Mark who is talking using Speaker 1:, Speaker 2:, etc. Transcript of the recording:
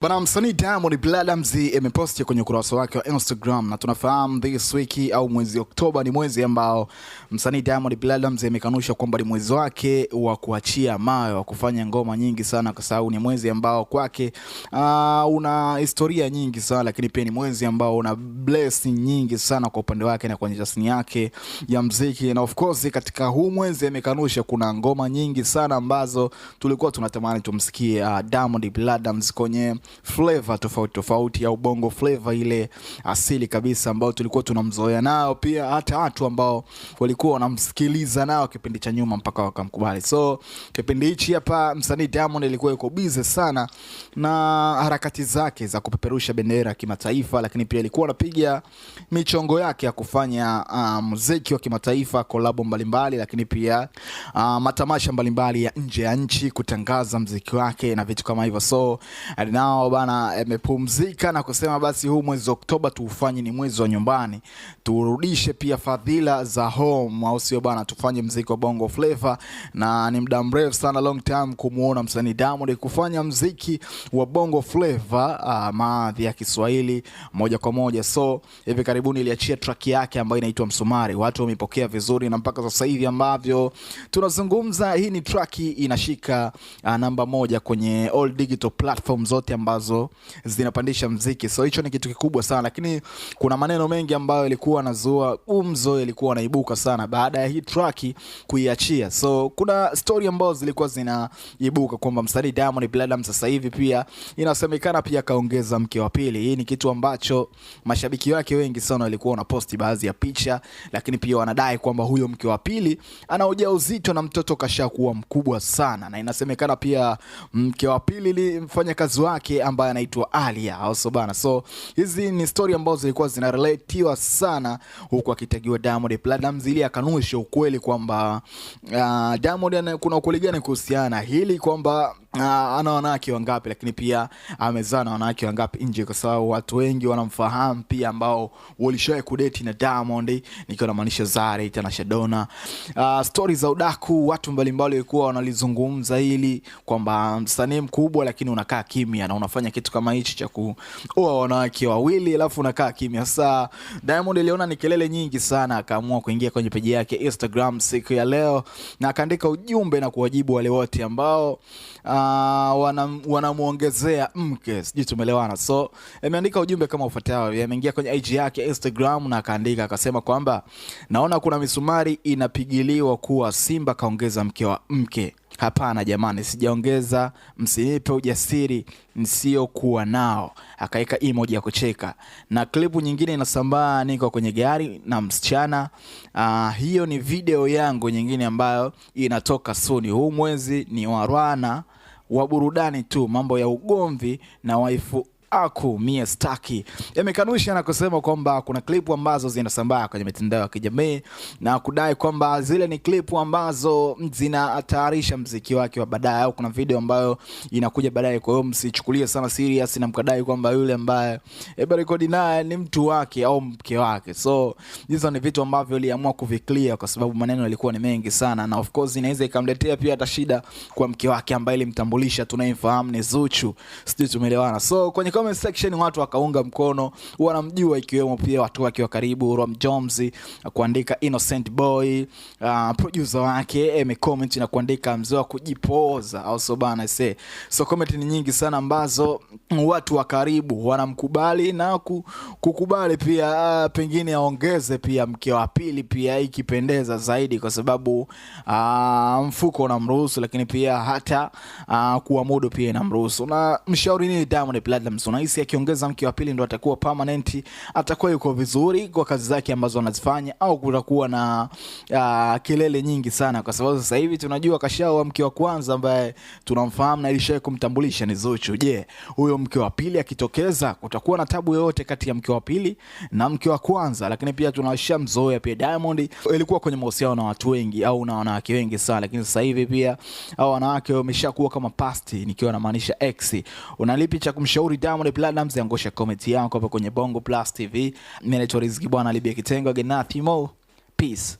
Speaker 1: Bwana msanii Diamond Platnumz ameposti kwenye ukurasa wake wa Instagram, na tunafahamu this wiki au mwezi Oktoba ni mwezi ambao msanii Diamond Platnumz amekanusha kwamba ni mwezi wake wa kuachia mayo, wa kufanya ngoma nyingi sana, kwa sababu ni mwezi ambao kwake uh, una historia nyingi sana, lakini pia ni mwezi ambao una blessing nyingi sana kwa upande wake na kwenye jasini yake ya mziki, na of course katika huu mwezi amekanusha, kuna ngoma nyingi sana ambazo tulikuwa tunatamani tumsikie uh, Diamond Platnumz kwenye flavor tofauti tofauti ya ubongo flavor ile asili kabisa ambayo tulikuwa tunamzoea nayo, pia hata watu ambao walikuwa wanamsikiliza nao kipindi cha nyuma mpaka wakamkubali. So kipindi hichi hapa msanii Diamond alikuwa yuko busy sana na harakati zake za kupeperusha bendera kimataifa, lakini pia alikuwa anapiga kupiga michongo yake ya kufanya uh, muziki wa kimataifa, kolabo mbalimbali, lakini pia uh, matamasha mbalimbali ya nje ya nchi kutangaza mziki wake na vitu kama hivyo. So nao bana amepumzika na kusema basi huu mwezi wa Oktoba tuufanye ni mwezi wa nyumbani, turudishe pia fadhila za home, au sio bana? Tufanye mziki wa Bongo Flava, na ni muda mrefu sana long time kumuona msanii Diamond kufanya mziki wa Bongo Flava uh, maadhi ya Kiswahili moja kwa moja so hivi karibuni iliachia track yake ambayo inaitwa Msumari, watu wamepokea vizuri na mpaka sasa hivi ambavyo tunazungumza, hii ni track inashika uh, namba moja kwenye all digital platform zote ambazo zinapandisha mziki, so hicho ni kitu kikubwa sana, lakini kuna maneno mengi ambayo ilikuwa nazua umzo, ilikuwa anaibuka sana baada ya hii track kuiachia. So kuna story ambazo zilikuwa zinaibuka kwamba msanii Diamond Platnumz sasa hivi pia inasemekana pia kaongeza mke wa pili. Hii ni kitu ambacho mashabiki mashabiki wake wengi sana walikuwa wanaposti baadhi ya picha, lakini pia wanadai kwamba huyo mke wa pili ana ujauzito na mtoto kashakuwa mkubwa sana, na inasemekana pia mke wa pili ni mfanyakazi wake ambaye anaitwa Alia also bana. So hizi ni story ambazo zilikuwa zinarelatiwa sana, huku akitagiwa Diamond Platnumz ili akanushe ukweli kwamba uh, Diamond kuna ukweli gani kuhusiana hili kwamba Uh, ana wanawake wangapi, lakini pia amezaa na wanawake wangapi nje, kwa sababu watu wengi wanamfahamu pia ambao walishawahi kudeti na Diamond, nikiwa namaanisha Zari na Shadona. Uh, story za udaku, watu mbalimbali walikuwa wanalizungumza hili kwamba msanii mkubwa, lakini unakaa kimya na unafanya kitu kama hichi cha kuoa wanawake wawili alafu unakaa kimya. Sasa Diamond aliona ni kelele nyingi sana, akaamua kuingia kwenye peji yake Instagram siku ya leo na akaandika ujumbe na kuwajibu wale wote ambao uh, wanamwongezea wana mke, sijui tumeelewana. So ameandika ujumbe kama ufuatao, ameingia kwenye IG yake Instagram na akaandika akasema kwamba naona kuna misumari inapigiliwa kuwa Simba kaongeza mke wa mke. Hapana jamani, sijaongeza, msinipe ujasiri msiokuwa nao. Akaweka emoji ya kucheka na klipu nyingine inasambaa, niko kwenye gari na msichana. Uh, hiyo ni video yangu nyingine ambayo inatoka suni huu mwezi, ni warwana wa burudani tu, mambo ya ugomvi na waifu Aku mie staki yamekanusha na kusema kwamba kuna klipu ambazo zinasambaa kwenye mitandao ya kijamii na kudai kwamba zile ni klipu ambazo zinatayarisha mziki wake wa baadaye, au kuna video ambayo inakuja baadaye. Kwa hiyo msichukulie sana serious na mkadai kwamba yule ambaye amerekodi naye ni mtu wake au mke wake. So hizo ni vitu ambavyo aliamua kuviklia kwa sababu maneno yalikuwa ni mengi sana, na of course inaweza ikamletea pia hata shida kwa mke wake ambaye ilimtambulisha, tunayemfahamu ni Zuchu. Sijui tumeelewana. So kwenye comment section watu wakaunga mkono, wanamjua ikiwemo pia watu wake wa karibu Rom Jones kuandika Innocent Boy. Uh, producer wake amecomment na kuandika mzee wa kujipoza au so bana say. So comment ni nyingi sana ambazo watu wa karibu wanamkubali na kukubali pia, uh, pengine aongeze pia mke wa pili pia ikipendeza zaidi, kwa sababu uh, mfuko unamruhusu, lakini pia hata uh, kuamudu pia inamruhusu. Na mshauri nini Diamond Platnumz unahisi akiongeza mke wa pili ndo atakuwa permanent, atakuwa yuko vizuri kwa kazi zake ambazo anazifanya, au kutakuwa na uh, kelele nyingi sana? Kwa sababu sasa hivi tunajua kashaoa mke wa kwanza ambaye tunamfahamu na ilishawahi kumtambulisha ni Zuchu. Je, yeah, huyo mke wa pili akitokeza, kutakuwa na tabu yoyote kati ya mke wa pili na mke wa kwanza? Lakini pia tunashamzoea pia Diamond ilikuwa kwenye mahusiano na watu wengi au na wanawake wengi sana, lakini sasa hivi pia au wanawake wameshakuwa kama past, nikiwa namaanisha ex. Unalipi cha kumshauri Diamond Diamond Platinum ziangusha comment yako hapa kwenye Bongo Plus TV. Mimi naitwa rizki bwana, libia kitengo Genathimo. Peace.